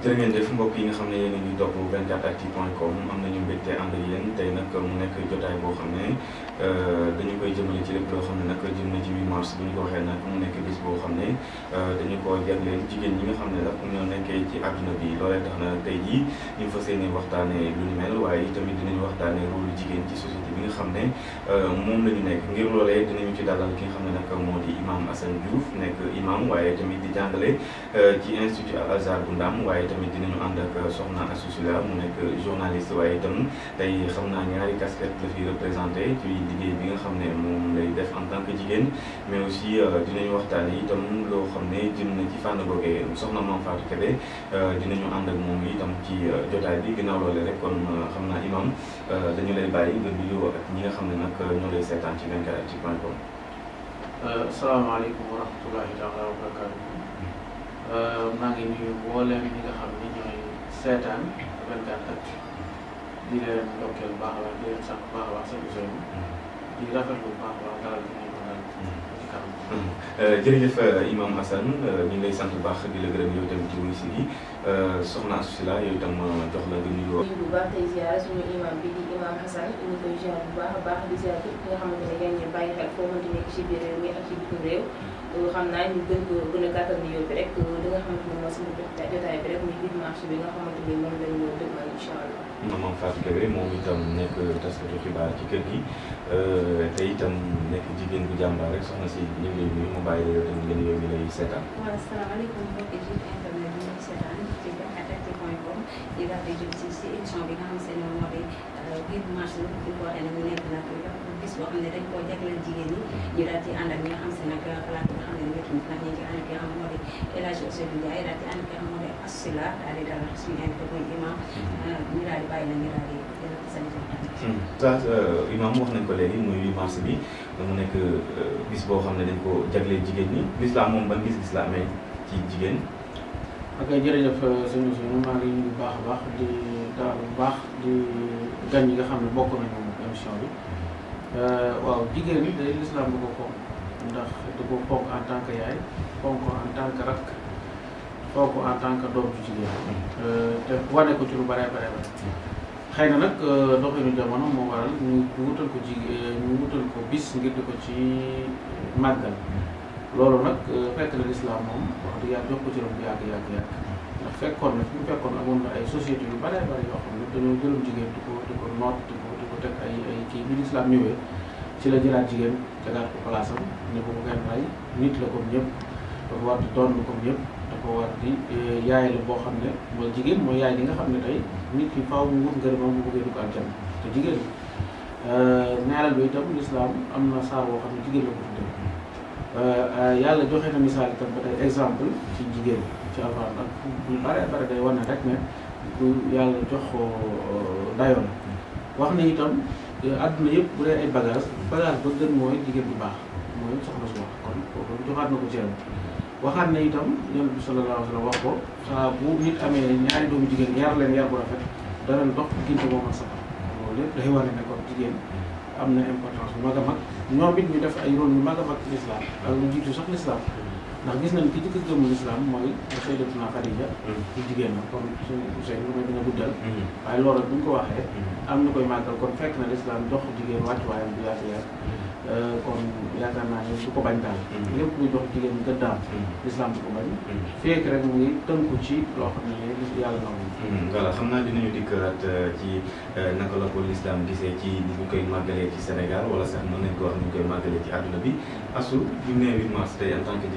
jërë ngeen jëf mbokk yi nga xam ne yéen a ñuy topp 24actu point com am nañu mbégte ànd ak yéen tey nag mu nekk jotaay boo xam ne euh, dañu koy jëmale ci lépp loo xam ne nag jëm na ci 8 mars bu ñu ko waxee nag mu nekk bis boo xam ne euh, dañu ko jagleel jigéen ñi nga xam ne nag ñoo nekkee ci àdduna bi loolee tax na tey jii ñu fa yéene waxtaanee lu ni mel waaye tamit dinañu waxtaanee rôle jigéen ci société. bi nga xam ne euh, moom la ñu nekk ngir loolee dinañu ci dalal ki nga xam ne nag moo di imam Assane Diouf nekk imam waaye tamit di jàngale euh, ci institut Al Azhar bu Ndaam waaye tamit dinañu ànd ak euh, soxna Assousila mu nekk journaliste waaye itam tey xam naa ñaari casquette la fi ci liggéey bi nga xam ne moom lay def en tant que jigéen mais aussi dinañu waxtaan itam loo xam ne jëm na ci fànn googee soxna Mame Fatou dina ñu ànd ak moom itam ci jotaay bi ginnaaw loole rek kon xam naa imam dañu lay ak ñi nga xam ne nag ñoo lay seetaan ci 24actu point com. asalaamaaleykum euh, wa rahmatulahi taala wa barakaatu. Euh, maa ngi nuyu mboolem ñi nga xam ne ñooy seetaan 24actu di leen ndokkeel baax a baax di leen sant baax a baax seen usine di rafetlu baax a baax dalal bi euh, ñu ngi lay sant bu baax di la gërëm yow tamit ci wuyu si Euh, soxna Asou Sylla yow itam jox la nga nuyoo. bu baax tey ziar suñu imam bi di imam Hassan ñu koy ziar bu baax baax di ziar bi nga xamante ne gën ko gën a xamante ne mooy suñu moom la ñu dëgmal allah. moom itam nekk taskatu xibaar ci kër gi euh, te itam nekk jigéen bu jàmbaar rek soxna si ñu ngi mu bàyyi la yow tamit ngeen yow mi lay seetaan. daal di eh, e e e eh, boo mm. eh, xam ne dañ koo jagleel jigéen ñi daal di ànd ak xam se nag xalaat bi nga xam ne ñu xam moo di El xam moo di Asila wax nañ ko léegi muy 8 bi mu nekk bis boo xam ne dañ koo jagleel jigéen ñi l'islam moom ban gis-gis la amee ci jigéen ak jërëjëf euh, sëñ Ousseynou maa ngi nuyu bu baax a baax di dalal bu baax di gan yi nga xam ne bokk nañu émission bi euh, waaw jigéen ñi day lislaam da ko fonk ndax da ko fonk en tant que yaay fonk ko en tant que rakk ko en tant doom ju jigéen euh, te wane ko ci lu bare bare bare xëy na nag doxinu jamono moo waral ñu wutal ko jigéen ñu wutal ko bis ngir di ko ci màggal loolu nag euh, fekk na lislaam moom wax dëgg jox ko ci bu yàgg yàgg yàgg ndax fekkoon na fi mu fekkoon amoon na ay société yu bare bare yoo xam ne dañoo jëloon jigéen di ko di ko noot di ko di ko ci la jëlaat jigéen tegaat ko place am ne ko bu ngeen rey nit la comme ñëpp dafa war di doon comme ñëpp dafa war di euh, yaay la boo xam ne mooy jigéen mooy yaay li nga xam ne tey nit ki faaw mu wut ngërëmam bu bëggee du ko aljanna te jigéen euh, ñaareel bi itam lislaam am na saar boo xam ne jigéen la ko tuddee Euh, euh, yàlla joxe na misaal itam ba tey exemple ci jigéen ci alxuraan ak bu bare bare day wane rek ne du yàlla jox euh, dayoon wax na itam àdduna yëpp bu dee ay bagage bagage ba gën mooy jigéen bu baax mooy soxna su wax kon kooku joxaat na ko ceeb waxaat na itam yonent bi sallallahu alayhi wa sallam wax ko saa bu nit amee ñaari doomu jigéen yar leen yar bu rafet danañ dox diggante moom ak safar loolu lépp day wane ne kon jigéen am na importance bu mag a mag ñoom it def ay rôle yu mag a mag ci lislaam ak lu jiitu sax lislaam ndax gis nañ ki jëkk a gëm mooy Sayyidatuna Xadija ci jigéen na kon suñu Ousseynou lu may dina waaye loolu bu ko waxee mm-hmm. am na koy màggal kon fekk na lislaam jox jigéen wàccuwaayam bu yaatu yaatu mm-hmm. euh, kon yaakaar naa ne su ko bañ daal mm-hmm. lépp lu jox jigéen gëddaam lislaam du ko bañ fekk rek mu tënku ci loo xam ne yàlla na Hmm, voilà xam naa dinañu dikkaat euh, ci euh, naka la ko lislaam gisee ci ni koy màggalee ci Sénégal wala sax mën nañ wax ni koy màggalee ci àdduna bi asu ñu ne 8 mars tey en tamit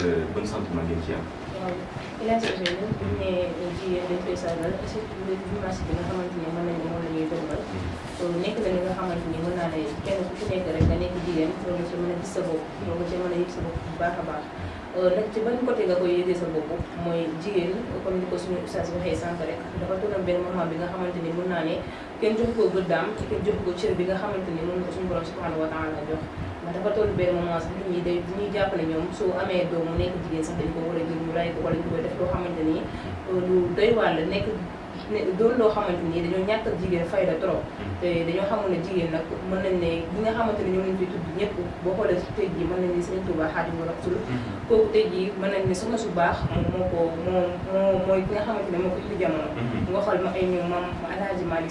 euh, ban sentiment ngeen ci am. waaw Ilaah Sow jërëjëf bu jigéen dañ koy sargal surtout le 8 mars bi nga xamante hmm. nga xamante ni naa lay kenn ku nekk rek nga nekk jigéen doo nga ci mën a gis sa bopp doo nga ci mën a yëg sa bopp baax a baax. Hmm. nag euh, ci ban côté nga koy yëgee sa bopp mooy jigéen comme ni ko suñu ustaas waxee sànq rek dafa doon benn moment bi nga xamante ni mën naa ne kenn jox ko gëddaam kenn ko cër bi nga xamante ni ko suñu borom subhanahu wa taala jox ndax dafa toll benn moment sax nit ñi ñuy jàppale ñoom soo amee doom mu nekk jigéen sax dañ ko war a jël ñu ray ko wala ñu koy def loo xamante ni euh, lu doy wàll nekk ne doon loo xamante ni dañoo ñàkk jigéen fayda trop. Mm. te dañoo xamul ne jigéen nag mën nañ ne ñi nga xamante ne ñoo leen fi tudd ñëpp boo xoolee tey jii mën nañ ne Sëriñ Tuubaa Xaadimu Rasuul mm-hmm. kooku tey jii mën nañ ne soxna su baax ko moo moo mooy nga xamante ne moo ko indi jamono mm-hmm. nga ma ay ñoom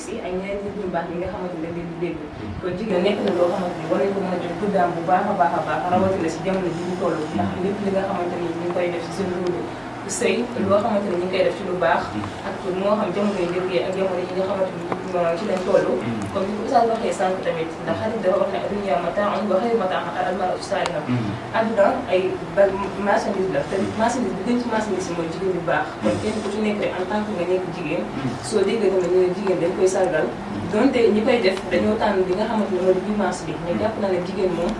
Si ay ñeneen baax ñi nga xamante ne dañ leen di dégg mm-hmm. kon jigéen nekk na loo xamante ni war nañ ko mën a jël guddaam bu baax a baax a baax rawatina si jamono ji ñu toll ndax nga xamante ni ñu koy def si seen loolu sëy loo xamante ne ñu ngi koy def ci lu baax ak moo xam jamono yu njëkk ak jamono yi nga xamante ne mm-hmm. ko Oustaz waxee sànq tamit ndax xarit dafa wax mm-hmm. ay ba marchandise la te bi gën ci marchandise jigéen bu baax kon nga nekk jigéen mm-hmm. soo déggee jigéen dañ koy sargal donte ñi koy def dañoo tànn bi nga xamante ne mooy dimanche bi mais jàpp naa ne jigéen moom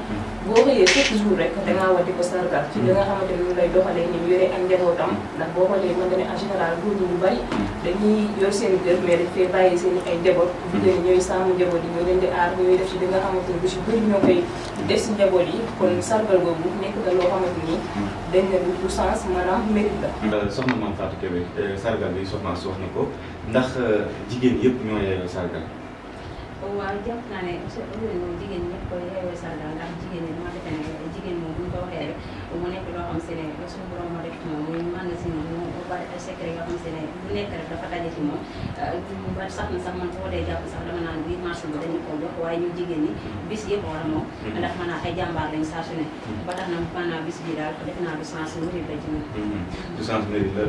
boo xëyee chaque jour rek dangaa war di ko sargal mm. ci li nga xamante lay doxalee ni mu yoree ak njabootam mm. ndax boo xoolee mën nga ne en général góor ñi ñu bari dañuy yor seen i kër mm. njaboot yi ñoo leen di aar ñooy def ci li nga xamante ni bëri ñoo koy def si yi kon sargal boobu nekk na loo xamante ni dañ ne du sens maanaam mérite la soxna Mame Fatou Kébé euh, sargal bi soxna si wax na ko ndax euh, jigéen yëpp ñoo yeeyoo waaw jàpp naa ne moom jigéen ñi ko yeewee sax daal ndax jigéen ñi dama defe ne jigéen moom bu ñu ko mu nekk loo si ne suñu borom moo def moom muy magasin bi bari ay secret yoo xam si ne nekk dafa daje ci moom euh, sax na sax man boo dee jàpp sax dama naan bi marché bi dañu ko jox waaye ñu jigéen ñi bis yëpp war a moom mm-hmm. ndax maanaam ay jàmbaar lañ saa su ne mm-hmm. ba tax na maanaam bis bi daal def naa du sens mérite mm-hmm. la ci ñun du sens mérite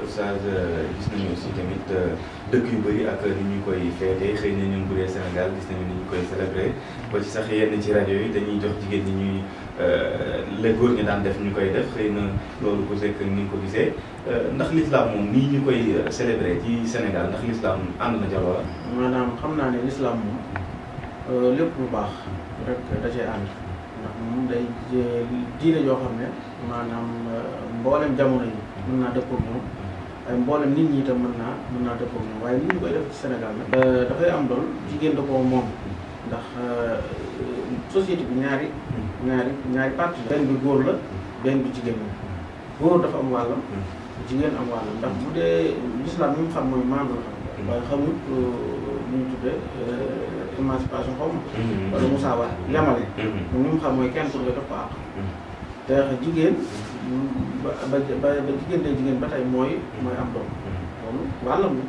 gis nañu aussi tamit euh, dëkk yu bari ak ni ñu koy feetee xëy na ñun bu dee Sénégal gis nañu ni ñu koy célébré ba ci sax yenn ci rajo yi dañuy jox jigéen ñi ñuy Euh, la góor ñi daan def ñu koy def xëy na loolu ku sekk ni nga ko gisee euh, ndax l'islam moom nii ñu koy euh, célébrer ci Sénégal ndax l'islam ànd na ca maanaam xam naa ne l'islam moom lépp lu baax rek da cee ànd ndax moom day diine joo xam ne maanaam mboolem jamono yi mën naa dëppoo ak ñoom waaye mboolem nit ñi itam mën naa mën naa dëppoo ak waaye nit ñi koy def ci Sénégal nag. dafay am lool jigéen da koo moom ndax société bi ñaari. ñaari ñaari parties benn bi góor la benn bi jigéen la góor dafa am wàllam jigéen am wàllam ndax bu dee l'islam ñu xam mooy membre xam waaye xamul euh, nu ñu tuddee euh, émancipation xaw ma mm-hmm. wala musaawa yamale ñu mm-hmm. mu xam mooy kenn ku ne daf ko àq te jigéen ba ba jigéen ba tey mooy mooy am doom mm-hmm. loolu wàllam la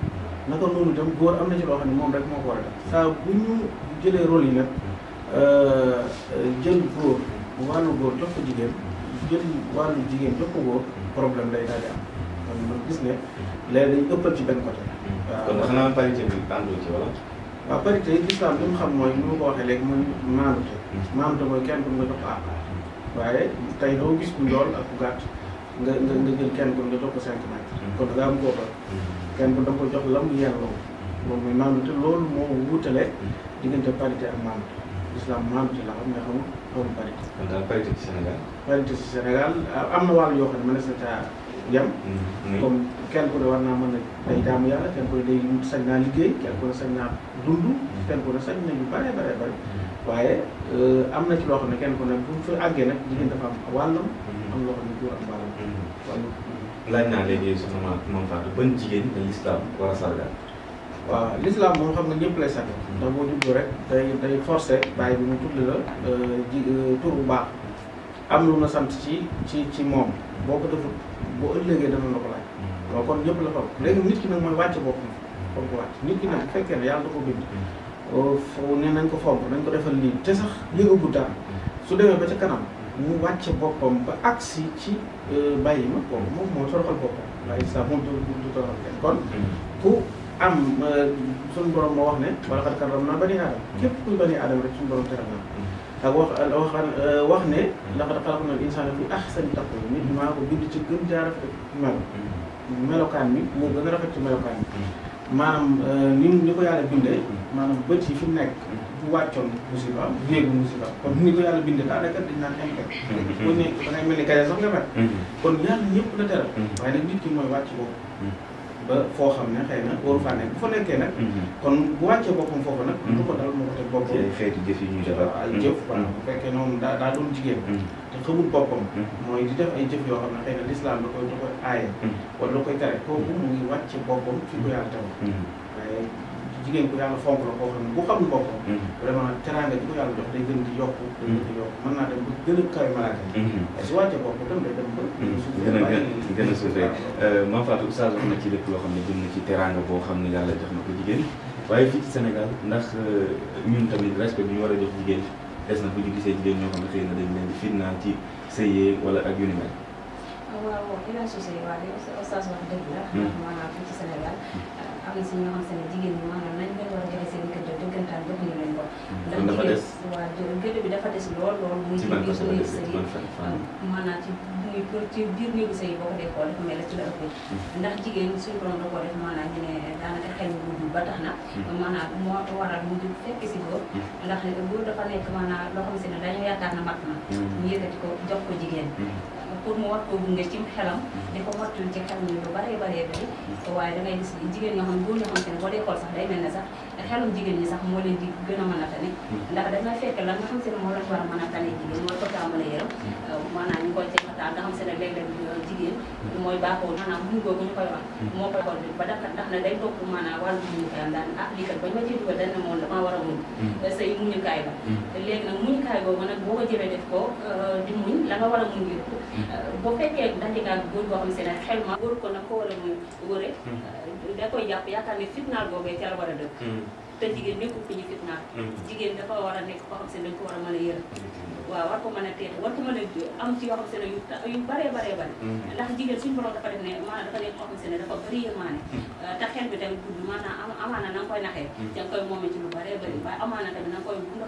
naka noonu dem góor am na ci loo xam ne moom rek moo ko war a def saa bu ñu jëlee rol yi nag Euh, jël góor wàllu góor jox ko jigéen jël wàllu jigéen jox ko góor problème day daal di am man gis ne léegi dañu ëppal ci benn côté. waaw kon xanaa parité bi àndul ci wala. waaw parité l'islam li mu xam mooy ni ma ko waxee léegi waaye tey doo gis ku njool ak ku gàtt nga nga nga jël kenn ku nga jox ko 5 mètres. Hmm. kon da am koo xam. Hmm. kenn ku da ko jox lam yelloo loolu mooy maanute loolu moo wuutale hmm. diggante parité ak maanute. l'islam mu am ci la xam nga xam loolu parité. kon daal parité ci Sénégal. parité ci Sénégal euh, am na wàllu yoo xam ne mm-hmm. mën a day naa liggéey kenn ku ne sañ naa dund. Mm-hmm. kenn ku ne sañ na yu bare bare mm-hmm. waaye euh, am na ci loo xam ne kenn ku ne bu fa àggee nag jigéen dafa am wàllam. am loo xam ne góor am wàllam. wàllu laaj naa léegi soxna Mame Fatou ban jigéen la l'islam war a sargal. waaw l'islam moo xam nga ñëpp lay sant ndax boo jublu rek day day forcé bàyyi bi mu tudd la euh, ji euh, tur bu baax am wu na sant ci ci ci moom boo ko defut boo ëllëgee dana la ko laaj hmm. waaw kon ñëpp la fal léegi nit ki nag mooy wàcc boppam kon ko nit ki nag bu fekkee ne yàlla da ko bind hmm. oh, ne nañ ko fonk nañ ko defal lii te sax yëgagu dara hmm. su demee ba ca kanam mu wàcc boppam ba agsi ci euh, bàyyi ma boobu moom moo toroxal boppam waaye sax moom du du toroxal kenn kon ku am suñu borom moo wax ne wala xar karam naa bani aadama képp kuy bani aadama rek suñu borom teral na ak wax wax euh, wax ne laqad xalaqna al insaana fi ahsani taqwiim nit maa ko bind ci gën jaa rafet melo melokaan mi moo gën a rafet ci melokaan mi maanaam euh, ni ni ko yàlla bindee maanaam bët yi fi mu nekk bu wàccoon musiba néegu musiba kon ni ko yàlla bindee daanaka dañ naan impec mm-hmm. bu nekk da ngay mel ni kare sax nga mel mm-hmm. kon yàlla ñëpp la teral mm-hmm. waaye nag nit ki mooy wàcc boobu ba foo xam ne xëy na waru nekk bu fa nekkee nag. Mhm. kon bu wàccee boppam foofu nag. lu ko dal moo ko teg boppam. ci xeetu jëf yi ñu def ay jëf. voilà mhm. bu fekkee noonu daa daa doon jigéen. Mhm. te xamul boppam. mooy di def ay jëf yoo xam ne xëy na lislaam da koy da koy aaye. wala da koy tere kooku mu ngi wàcce boppam fi ko yàlla waaye jigéen ku yàlla fonk la koo xam ne bu xamul boppam mm-hmm. vraiment teraanga ji ko yàlla jox day gën di yokk mm-hmm. day gën di yokk mën naa dem gën a kawe malaaka yi mm-hmm. su wàccee boppam dem day a gën a suufee euh, ci lépp loo xam ne jëm na ci teraanga boo xam ne yàlla jox na ko jigéen waaye fii ci Sénégal ndax euh, ñun tamit respect bi ñu war a jox jigéen des na bu ñu gisee jigéen ñoo xam ne xëy na dañ leen ci sëyee wala ak yu am na si ñoo xam ne jigéen ñi maanaam nañ leen war a joxe seen kër dëggantaan joxuñu leen ko. kon dafa des ndax jigéen waaw gëdd bi dafa des lool lool. muy ci biir néegu sëy maanaam ci muy pour ci biir néegu sëy boo ko dee xool dafa mel ne ci la ëppee. ndax jigéen suñu borom da koo def maanaam ñu ne daanaka xel bu gudd ba tax na. maanaam moo waral mu fekk si góor. ndax góor dafa nekk maanaam loo xam si ne dañoo yaakaar na mat na. ñu yëkkati ko jox ko jigéen. pour mu war koo gunge ci xelam di ko wattul ci xelam ni lu baree baree bari waaye dangay gis ni jigéen ñoo xam góor ñoo xam ne jigéen ñi sax moo leen di gën a mën a tane ndax dafay fekk se ne moo la war a mën a tane jigéen mooy kota mën a yërëm nga xam se ne léeg mooy baaxoo maanaam muñ ba dax na day topp maanaam wàllu muñukaay daan ah lii kat bañ ma ci dugal dañ ne moom dama war a muñ mm. euh, say muñukaay ba mm. léegi nag muñukaay boobu nag boo ko jëlee def ko euh, di muñ nga war a muñ yëpp mm-hmm. boo fekkee dajegaak góor boo xam se ne xel ma góor ko na ko war a muñ a mm-hmm. da koy jàpp yaakaar ne fitnaal boobee ca la war a dëkk mm-hmm. te jigéen nekkul ku ñu fitnaal mm-hmm. jigéen dafa war a nekk koo xam se dañ ko war a mën a yërëm waaw war ko mën a teete war ko mën a am ci yoo xam se ne yu yu baree baree bare mm-hmm. ndax jigéen suñu borom dafa def ne maanaam dafa nekk koo xam se ne dafa mm-hmm. bi na nga koy naxee da nga koy moome ci lu baree bëri waaye amaana tamit na nga koy bund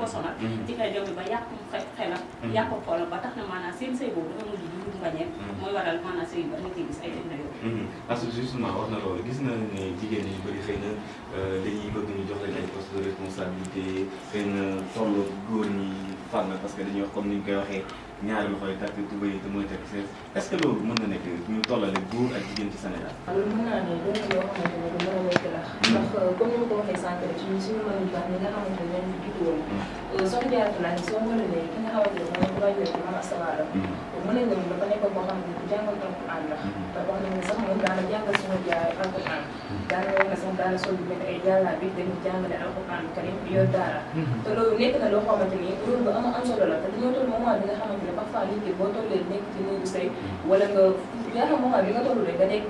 ko sonal ci kay ba yàqu xelam yàqu xoolam ba tax na maanaam seen sëy boobu dafa mujj di ba ñu koy gis ay def na Mhm. Astou justement wax na loolu gis na ne jigéen ñi bëri xëy na euh, dañuy bëgg ñu jox leen ay poste de responsabilité xëy na toll góor ñi fànn parce que dañuy wax comme ni ñu koy waxee ñaari loxo yi takk tubéy te mooy takk sees est mën na nekk ñu tollale góor ak jigéen ci Sénégal. loolu mën naa ne loolu yoo xamante ne du mën a nekk la. Mhm. ndax euh, comme ni ma ko waxee sànq rek ñun suñu mën baax ñi nga xamante ne ñu juddu woon. Mhm. Euh, soo jaaree laa ne soo mënee ne ki nga xamante ne moom mooy wàññeeku mën a sawaaram. mën nañu ne dafa nekk boo xam ne bu jàngal topp ànd la. te wax nañu ne sax moom daana jàngal suñu jaay alquran daana wax ne sax daana sol bu mel ay jàllaa bi dañuy jàngale alquran karim yor daara te loolu nekk na loo xamante ni loolu lu am am solo la te dañoo toll moment bi nga xamante ne parfois nit ki boo tollee nekk ci néegu sëy wala nga yaa xam moment bi nga toll rek nekk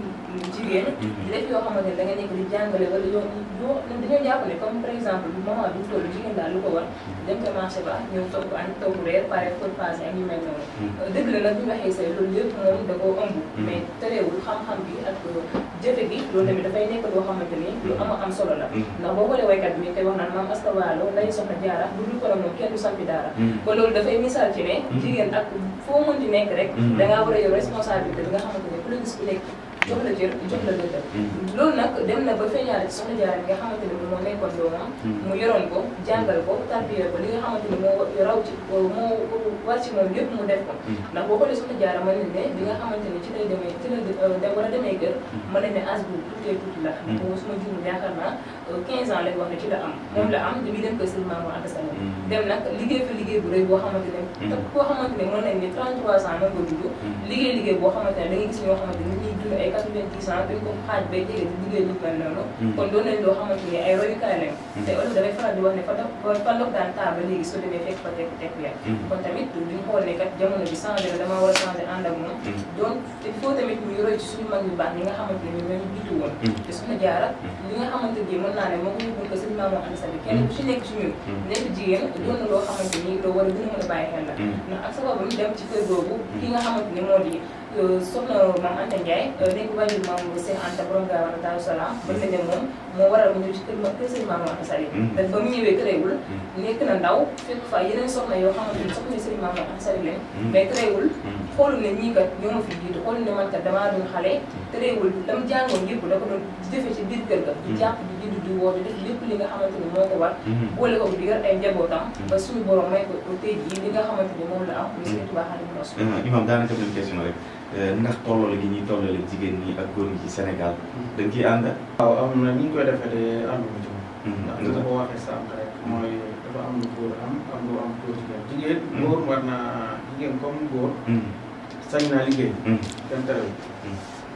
jigéen di yoo ne da nga nekk di jàngale wala yoo yoo dañoo jàpp ne comme par exemple moment bi mu toll jigéen daal lu ko war dem ca marché ba ñëw togg añ togg reer pare pour mm. la bi nga xëy say soreewul xam-xam bi ak jëfe gi loolu tamit dafay nekk loo xamante ni lu am am solo la mm-hmm. na boo xoolee waykat bi koy wax naan maam Asta Waalo nday soxna jaara bu dul korom moom kenn du sampi daara mm-hmm. kon loolu dafay misaal ci ne mm-hmm. jigéen ak foo mën di nekk rek dangaa war a yor responsabilité bi nga xamante ne ku la gis ku nekk jox la jër jox la dëgg. Mm-hmm. loolu nag dem na ba feeñaale ci soxna Diarra nga xamante ne moo nekkoon doomam. Mm-hmm. mu yoroon ko jàngal ko tarbiyee ko li nga xamante ne moo raw ci moo war ci moom yëpp mu nekkoon ko. Mm-hmm. ndax boo xoolee soxna Diarra mën bi nga xamante ne ci lay demee ci la euh, war a demee kër. mën as bu tuutee tuuti la. boobu ma juumee yaakaar naa 15 euh, ans lañ wax ne ci la am. la am dem nag liggéey fa liggéey bu rëy boo xamante ne. te koo xamante ne mën nañ ne 33 ans mën nga boo xamante ne da ngay gis ñoo xamante ne ko ay quatre-vingt-dix ans dañ ko xaaj bay jege di liggéey lu mel noonu. Hmm. kon doon nañ loo xamante ni ay royukaay lañ. Hmm. te olof dafay faral di wax ne fa fa ndox daan taa ba léegi soo demee fekk fa tekk tekk yaa kon tamit duñ xool ne kat jamono bi changé na damaa war a changé ànd ak moom. Hmm. donc il faut tamit ñu roy ci suñu mag ñu baax ñi nga xamante ne ñoom ñoo ñu jiitu woon. te suñu jaara li nga xamante ni mën naa ne moo ko yóbbul ko sëñ Maam Mor Anta Sali kenn ku ci nekk ci ñun nekk jigéen doon na loo xamante ni loo war a gën a mën a bàyyi xel la ndax ak sababam dem ci kër googu ki nga xamante ni moo di Euh, soxna maam Anta Ndiaye euh, nekk wàllu maam seen Anta borom gaa war a Daaru Salaam hmm. ba ne moom moo waral mu ñëw ci kër ma kër sëñ maam Anta Sali ndax hmm. ba mu ñëwee këreewul hmm. nekk na ndaw fekk fa yeneen soxna yoo xamante ni soxna sëñ maam Anta Sali leen mais këreewul xoolul ne ñii kat ñoo ma fi jiitu xoolul ne man kat damaa doon xale këreewul dam jàngoon yëpp da ko doon jëfe ci biir kër ga di jàpp di jiddu di woote def lépp li nga xamante ni moo ko war boole ko di yar ay njabootam ba suñu borom may ko tey jii li nga xamante ni moom la am mu sëñ Tuubaa Xaadimu Rasuul euh, Euh, ndax tolloo gi ñuy tolloo leen jigéen ñi ak góor ñi ci Sénégal. dañ ciy ànd. waaw am na ñu koy defee de ànd ko ci moom. ndax li dafa am lu góor am am lu am góor jigéen. jigéen mm-hmm. góor war naa jigéen comme góor. Mm-hmm. sañ naa liggéey. Mm-hmm. kenn tere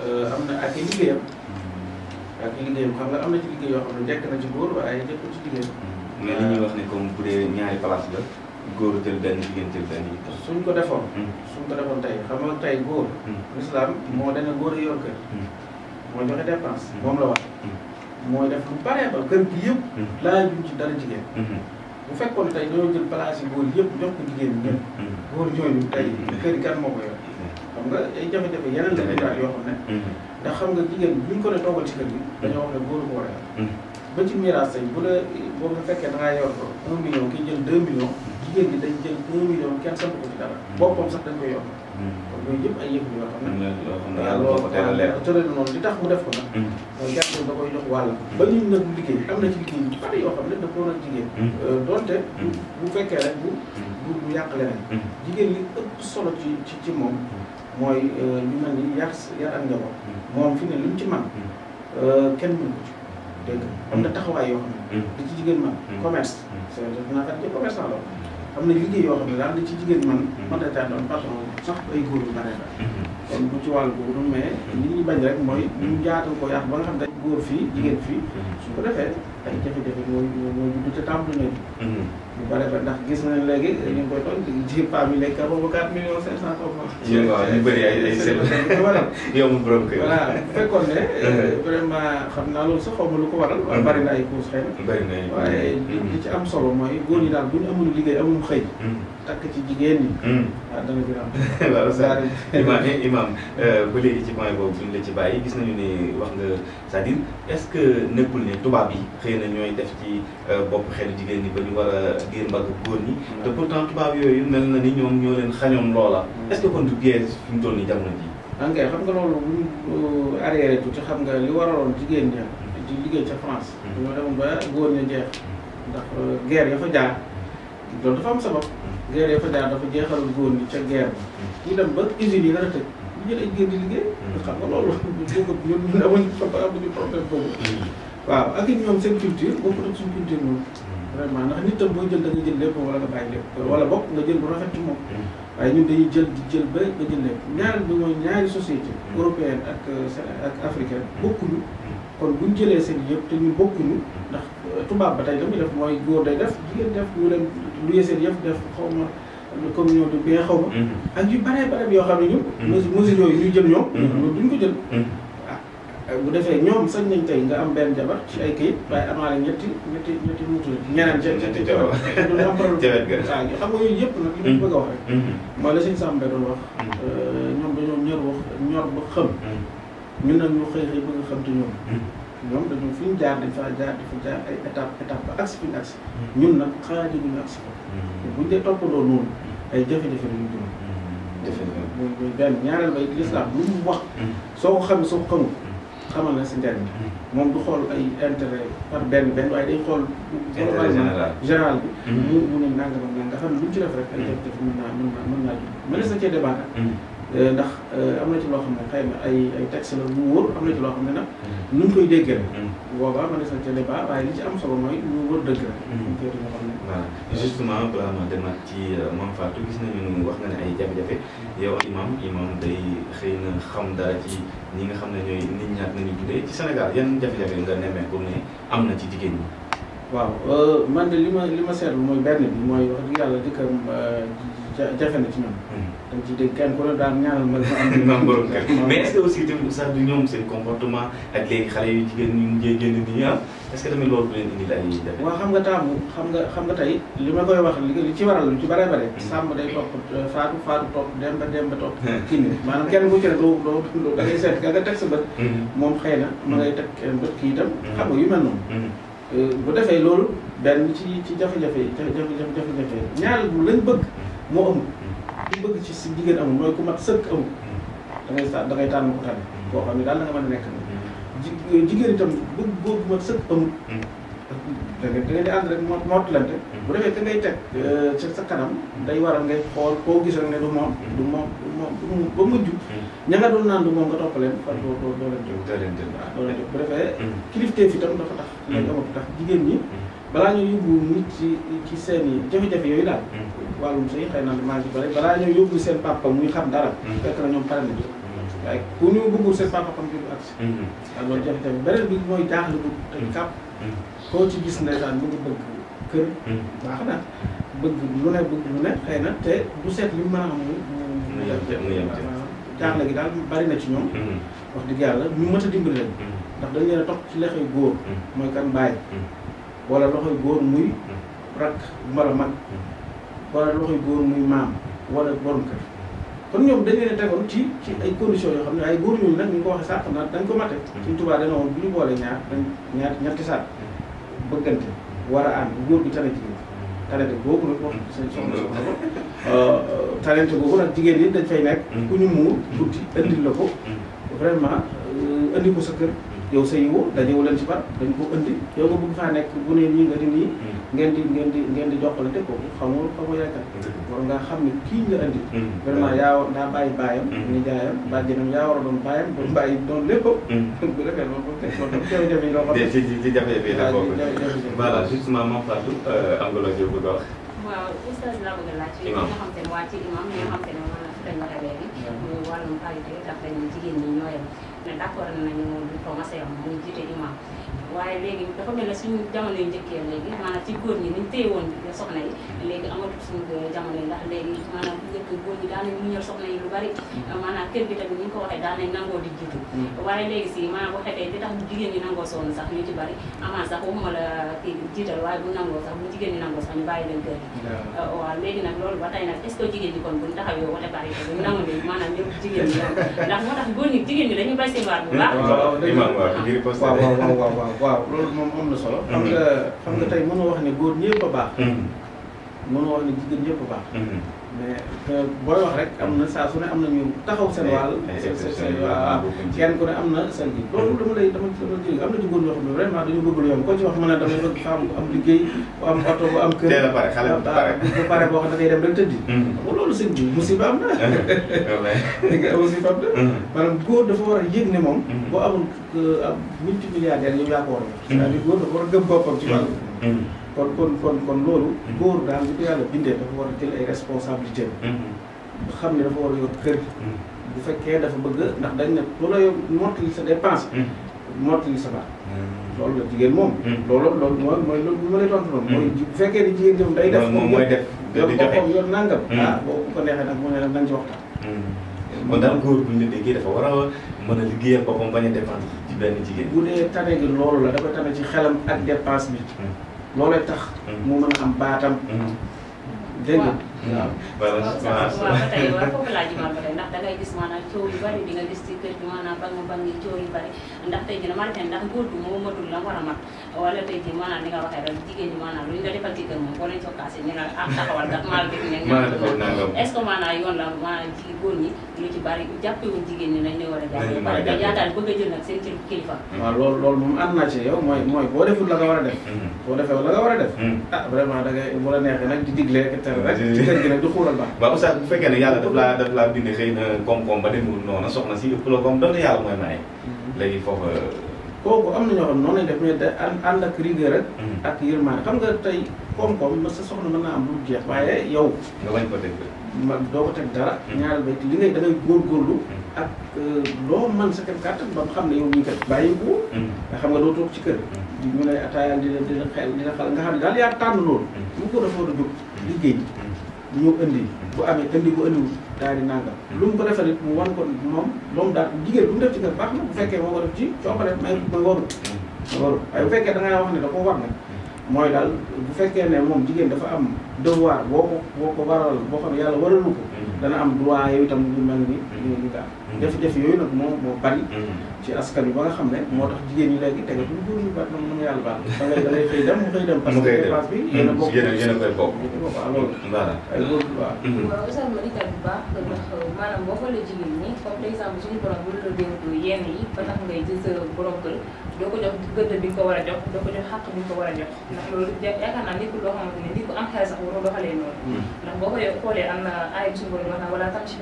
euh, am na ak liggéeyam. ak liggéeyam xam nga am na ci liggéey yoo xam ne nekk na ci góor waaye nekkul ci liggéeyam. mais li ñuy wax ne comme bu dee ñaari place la góor tël benn jigéen tël benn. suñ ko defoon. ko defoon tey xam nga tey góor. Hmm. lislaam moo dana góor a yor kër. Hmm. moo joxe dépense. Hmm. moom la wax. mooy def lu bare ba kër gi yëpp. laaj ñu ci dara jigéen. bu fekkoon tey dañoo jël place yi góor yëpp jox ko jigéen ñëpp. góor ñooñu tey kër gi moo ko yor. xam nga ay jafe-jafe yeneen la ñuy daal yoo xam ne. ndax xam nga jigéen bi ñu ko ne toogal ci kër gi. dañoo wax ne góor ko war a ba ci miraas tey bu la boo nga fekkee da ngaa yor ko un million kii jël deux millions. jigéen ñi day jël un million kenn sant ko ci dara. Hmm. boppam sax dañ koy yokk. Hmm. kon yooyu ko a leer tëral tax mu def ko nag. Hmm. mooy gerte da koy jox wàll. ba ñu nag liggéey am na ci liggéey yu bari yoo xam ne da ko war a jigéen. Euh, donte bu fekkee rek bu bu bu jigéen li ëpp solo ci ci ci moom. mooy euh, ñu mel ni yar yar ak njaboot. moom fi ne lu mu ci man euh, kenn mënu ko am na taxawaay yoo xam ne. li ci jigéen man commerce. c'est-à-dire dinaa xam ne commerçant la am na liggéey yoo xam ne daal da ci jigéen man mm-hmm. man da caa doon patron sax ay góor yu bare la mm-hmm. kon bu ci wàllu góor mais nit ñi bañ rek mooy ñu jaatal ko yàq ba nga xam ne dañ góor fii jigéen fii mm-hmm. su ko defee ay jafe-jafe mooy mooy juddu te tàmbali nañu. ñu bare ba ndax gis nañ léegi ñu koy toll ji PAM yi léegi kàddu ba 4 millions 500 tonnes. waaw bu fekkoon ne. Eh, vraiment xam naa loolu sax xaw ma lu ko waral. waaye bari na ay causes xëy na. bari na ay waaye li ci am solo mooy góor ñi daal bu ñu amul liggéey amul xëy. Mm-hmm. takk ci jigéen ñi. waaw mm-hmm. ah, dana gën a am. waaw saa imam imam eh, ba léegi ci point boobu buñ la ci bàyyi gis nañu ni wax nga. cest à ce que nekkul ne tubaab yi xëy na ñooy def ci euh, bopp xel jigéen ñi ba ñu war a diir mbagg góor ñi. Mm-hmm. te pourtant tubaab yooyu mel na ni ñoom ñoo leen xañoon loola. Mm-hmm. est-ce que kon du gée fi xam nga loolu bu ñu euh, xam nga li waraloon jigéen ña di liggéey ca France. Mm-hmm. ñoo demoon ba góor ña jeex. ndax euh, guerre ya fa jaar dafa am sabab. guerre ya fa jaar dafa jeexal góor ñi ca guerre ba. ñu dem ba usines yi la tëj. jëlee génn liggéey. Hmm. xam nga loolu ñun ñun amuñu amuñu problème boobu. Hmm. waaw ak it ñoom seen culture bokkul ak suñu culture moom. Hmm. vraiment ndax nit tam boo jël da nga jël lépp wala nga bàyyi lépp. wala bokk nga jël bu rafet moom. waaye ñun dañuy jël di jël ba nga jël lépp ñaareel bi mooy ñaari société européenne ak euh, ak africaine bokkuñu. kon bu ñu jëlee seen yëpp te ñun bokkuñu ndax euh, tubaab ba tey dañuy def mooy góor day def jigéen def ñu leen luye seen yëpp def xaw ma. communion du bien mm-hmm. yu bare bare yoo xam ne ñu. mesures mm-hmm. yooyu ñu ñoom. Mm-hmm. duñ ko jël. Ah, bu defee ñoom sañ nañ tey nga am benn jabar ci ay kayit waaye amaale ñetti ñetti ñetti muutu ñeneen ca ca ca du am problème waaw ñu xam nga yooyu yëpp a wax rek mooy la sëñ euh, dañoo ñu xëy xëy bëgg a xam te fi ñu jaar di fa jaar di fa jaar ay étape étape ba agsi fi ñu agsi ñun nag xaajiguñu agsi ko buñ dee toppandoo noonu ay jafe-jafe la ñu dund. jafe-jafe moom mooy benn ñaareel ba lislaam lu ñu wax. Mm-hmm. soo ko xamee soo ko xamul. Mm-hmm. xamal na si bi mm-hmm. moom du xool ay intérêt par benn benn waaye day xool. intérêt général général bi. mu mu ne nangam ak nga xam ne lu mu ci def rek. ay jafe-jafe mën naa mën naa mën naa jóg mën na sa cee débat Euh, ndax euh, am na ci loo xam ne xëy na ay ay texte la bu wóor am na ci loo xam ne nag mm. am solo mooy lu wóor dëgg la ñu koy di nga xam justement balaa ma demaat ci euh, Mame Fatou gis nañu wax nga ne ay jafe-jafe mm. yow imam imam day xëy na xam dara ci ñi nga xam ne ñooy ni ñaat nañu dundee ci Sénégal yan jafe-jafe nga nemmeeku ne am na ci jigéen ñi waaw man de li ma li ma seetlu mooy benn bi mooy wax dëgg yàlla dëkkam jafe na ci ñoom. Hmm. dañ ciy dégg kenn ku ne daal ñaanal ma am. am borom kër mais aussi tamit sax du ñoom seen comportement ak ñi mujjee génn nii ah est-ce que xam nga taamu xam nga xam nga tey li ma koy wax li ci waral lu ci bare bare. Hmm. sàmm day topp faatu faatu topp dem ba dem ba topp. Hmm. kii nii maanaam kenn bu ci ne doo doo doo da ngay seet nga teg sa moom xëy na ma ngay teg bët kii itam. xam nga euh, defee loolu benn ci ci jafe-jafe yi jafe-jafe ñaar bu lañ bëgg moo amul li bëgg ci si jigéen amul mooy ku mat sëkk amul mm-hmm. da ngay da ngay tànn ko tànn mm-hmm. koo xam ne daal na nga mën a nekk mm-hmm. ji euh, jigéen itam bëgg góor bu mat sëkk amul da nga da ngeen di ànd moo mottalante bu defee ka ngay teg euh, ci sa kanam day waral ngay xool koo gis rek ne moom du moom du moom du moom ba mujj ña doon naan du moom nga toppaleen far doo doo doo leen jël doo leen jël bu defee kilifteef itam dafa tax léegi amatu tax jigéen ñi balaa ñoo yóbbu nit ci ci seen i jafe yooyu daal. Hmm. wàllum sëy xëy na maa ngi bari balaa ñoo yóbbu seen papa muy xam dara. Hmm. fekk na ñoom pare nañu. Hmm. waaye ku ñu bëggul seen papa xam ci jafe bi mooy jaaxle bu tëj kàpp. koo ci gis ndeysaan mu ngi bëgg kër. baax na bëgg xëy na te mu mën a am gi daal bari na ci ñoom. wax dëgg yàlla ñu mën a leen. ndax dañu leen a toog ci lexey góor. mooy kan bàyyi. wala loxoy góor muy hmm. rakk wala mag wala hmm. loxoy góor muy maam wala borom kër kon ñoom dañ leen a tegoon ci ci ay conditions yoo xam ne ay góor ñooñu nag ñu ko waxee sax na dañ ko mate hmm. suñ tubaab dana woon bu ñu boolee ñaar dañ ñaar ñetti saat bëggante war a ànd góor gi tane jigéen talente boobu nag wax seen soxna soxna euh, boobu nag jigéen ñi dañ fay nekk ku ñu muur tuuti andil la ko vraiment andi euh, ko sa kër yow sa yiwu dañoo leen ci bar dañ ko indi yow nga bëgg faa nekk bu ne nii nga di nii hmm. ngeen di ngeen di ngeen di jokkalante ko xamul xamul yaakaar war nga xam ne kii nga indi hmm. vraiment yaa daa bàyyi baayam hmm. ni jaayam bàjjenam yaa war a doon baayam doon bàyyi doon lépp bu defee loolu te jafe-jafe yi loo xam ci jafe-jafe yi la bokk voilà justement moom Fatou euh, am nga loo bëgg a wax waaw oustaz laa bëgg a laaj ci li nga xam te ne waa ci imam li nga xam te ne moom la fi dañ rawee wàllum parité ndax dañuy jigéen ñi ñoo yem ne d'accord nañu moom du ko masayam muy jiite imam waaye léegi dafa mel ne suñu jamono yu njëkkee léegi maanaam ci góor ñi niñ téye woon bi soxna yi ndax léegi maanaam njëkk góor ñi ni ñu ko di jiitu waaye léegi si maanaam bu xefee di tax bu jigéen ñi nangoo sonn sax ñu ci bari amaan sax waxuma la kii jiital waaye bu nangoo sax bu jigéen ñi nangoo sax ñu bàyyi leen kër gi waaw léegi nag loolu ba tey nag jigéen ñi kon buñ taxaw yoo wote bari buñ nangu ni maanaam ñëpp jigéen tax góor ñi jigéen ñi dañu bay seen waar bu waaw loolu moom am na solo. xam nga mm-hmm. xam nga tey mënoo wax ne góor ñëpp a baax. Mm-hmm. mënoo wax ne jigéen ñëpp a baax. Mm-hmm. mais euh, booy wax rek am na saa su ne am na ñu taxaw seen wàll. seen waaw kenn ku ne am na seen bi loolu dama lay dama dama jëng am na ci góor ñoo xam ne vraiment dañu bëgg lu yomb ko ci wax mën a damay bëgg a ah, pare boo xam ne day hmm. loolu sëñ bi musiba am na di nga musiba am na hmm. maanaam góor dafa war a yëg ne moom hmm. boo amul euh, ab multi milliardaire yow yaa ko war a c'est-à-dire dafa war a gëm boppam ci wàll kon kon kon kon loolu. Hmm. góor daal bu ko yàlla bindee dafa war a jël ay responsabilité bu hmm. xam ne dafa war a yor kër hmm. bu fekkee dafa bëgg ndax dañ ne lu la yor mottali sa dépense. mottali sa baax. loolu la jigéen moom. loolu loolu mooy mooy loolu ma lay tontu fekkee ne jigéen ñoom day def. moom mooy def yor boppam yor nangam. ah boo ko neexee nag mu ne nag nañ ci waxtaan. kon daal góor bu ñu déggee dafa war a mën a liggéeyal boppam bañ a dépendre ci benn jigéen. bu dee tane loolu la dafa tane ci xelam ak dépense bi. looloo tax. Mm-hmm. mu mën a am baatam. Mm-hmm. dégg nga waaw voilà waaw ba tey waaw foofu laa jëmaat ba tey ndax dangay gis maanaam coow yu bari di nga gis ci kër gi maanaam ba nga ba ngi coow yu bari ndax tey jii man tey ndax góor gi moo la war a mat wala tey jii maanaam ni nga waxee rek jigéen ñi maanaam lu ñu la defal ci kër moom boo leen ne la ah taxawal kat maa la def ne nga est ce la maanaam ci góor ñi lu ci bari jàppewuñ jigéen ñi nañ ne war a jàpp bari da yaakaar bëgg a jël nag seen cër kilifa waaw loolu loolu moom ànd naa ci mooy boo deful la war a def boo defee la war a def ah vraiment da ngay bu di digle rek tere kër gi nag du xuural baax waaw oustaz bu fekkee ne yàlla daf laa daf xëy na koom-koom ba demul noonu soxna si ëpp la koom donte yàlla mooy maye mm-hmm. léegi foofu euh, kooku am na ñoo xam noonu lañ def mais da ànd ak rigueur rek ak mm-hmm. yërmaane xam nga tey koom-koom sa soxna mën naa am lu jeex waaye yow nga bañ ko dégg man doo ko teg dara mm-hmm. ñaareel ba li ngay da ngay góorgóorlu ak euh, loo mën sa kem kàttan ba nga xam ne yow ñu kat bàyyi ko nga xam nga doo toog ci kër di ñu lay ataayal di la di la xel di la xel nga xam ne daal yaa tànn loolu bu ko dafa war a jóg ñëw indi bu amee indi bu indiwul daal di nàngam hmm. lu mu ko defal it mu wan ko moom moom daal jigéen lu mu def ci kër baax na bu fekkee moo ko def ci coobare may mooy warul hmm. waaye bu fekkee da wax ne da ko war nag hmm. mooy daal bu fekkee ne moom jigéen dafa am devoir boo ko boo ko waral boo xam ne yàlla waralu ko dana am droit yow tam lu mel ni li nga am jafe-jafe yooyu nag moom moo bari ci askan wi ba nga xam ne moo tax jigéen ñi léegi tegatul góor ñi baat na mu yàlla baal da ngay da ngay xëy dem mu xëy dem parce que dépense bi yéen a a boo xoolee jigéen ñi comme par exemple suñu borom bu la tax ngay euh, ko jox gëdd bi nga ko war a jox doo ko jox xàq bi nga a jox ndax loolu yaakaar naa nit ku loo hmm. na aaya i borom maanaam wala tam si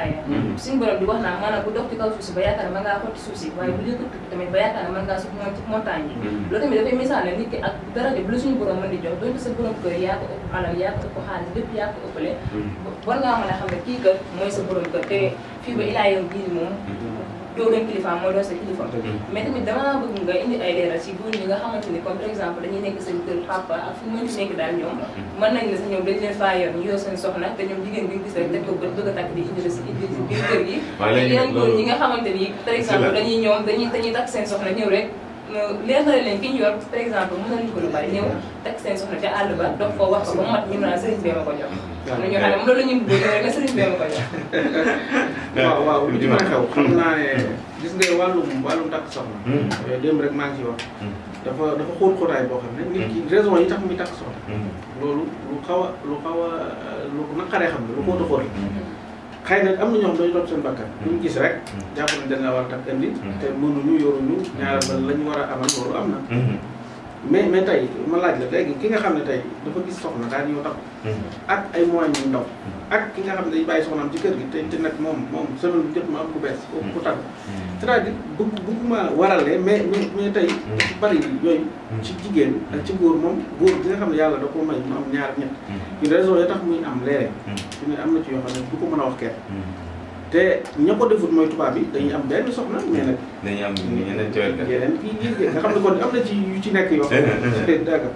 aaya hmm. suñu borom di wax naa maanaam bu dox ci kaw suuf ba yaakaar ne ngaa xotti suuf waaye bu yëkkati ko tamit ba yaakaar ne ngaa suuf moom ci loolu tamit dafay misaal ne nit ki ak daraja bu la suñu borom mën di jox doonte sa borom kër yaa ko ëpp alal yaa ko ëpp xaalis lépp yaa ko ëppale mm-hmm. war ngaa mën a xam ne kii kër mooy sa borom kër te fii ba ilaa yow jii moom mm-hmm. doo doon kilifaam mooy doon sa kilifa mais tamit dama bëgg nga indi ay leeral ci góor ñi nga xamante ni comme par exemple nekk seen kër papa ak fu mënti nekk daal ñoom mën nañ ne sa ñoom dañ leen faa yoon ñu yor seen soxna te ñoom jigéen bi gis rek teg ko bëgg a takk di indi la si indi si biir ni par exemple dañuy ñoom takk seen soxna ñëw rek leeralal leen ki ñu yor par sëriñ bee ma ko jox. waaw ñu xam ma xew xam naa ne gis nga wàllum wàllum takk soxna. Hmm. démb rek maa ngi ciy wax. Hmm. boo xam ne. nit ki hmm. raison yi tax muy takk soxna. loolu lu xaw a lu xaw a lu naqaree xam ne lu xóot a xóot xëy na am na ñoom dañu topp seen bakkan lu ñu gis rek mm-hmm. jàpp na dañ la war a takk indi mm-hmm. te mënuñu yoruñu ñaar ba war a amal loolu am na mm-hmm. mais mais tey ma laaj la léegi ki nga xam ne tey dafa gis soxna daal ñoo tax ak ay moyens yu ndaw ak ki nga xam ne day bàyyi soxnaam ci kër gi te nag moom moom semaine bu jot ma am ku bees ku tàgg c'est-à-dire ma bëgguma warale mais mais tey. Hmm. ci bari yooyu. Hmm. ci jigéen hmm. ak ci góor moom góor gi nga xam ne yàlla da ko may mu am ñaar ñett. une raison yi tax muy am léeg-léeg. ne am na ci yoo xam ne ko mën a te ña ko defut mooy tubaab bi dañuy am benn soxna mais nag. dañuy am yeneen cooy la yeneen kii nga xam ne kon am na ci yu ci nekk yoo xam ne. d'accord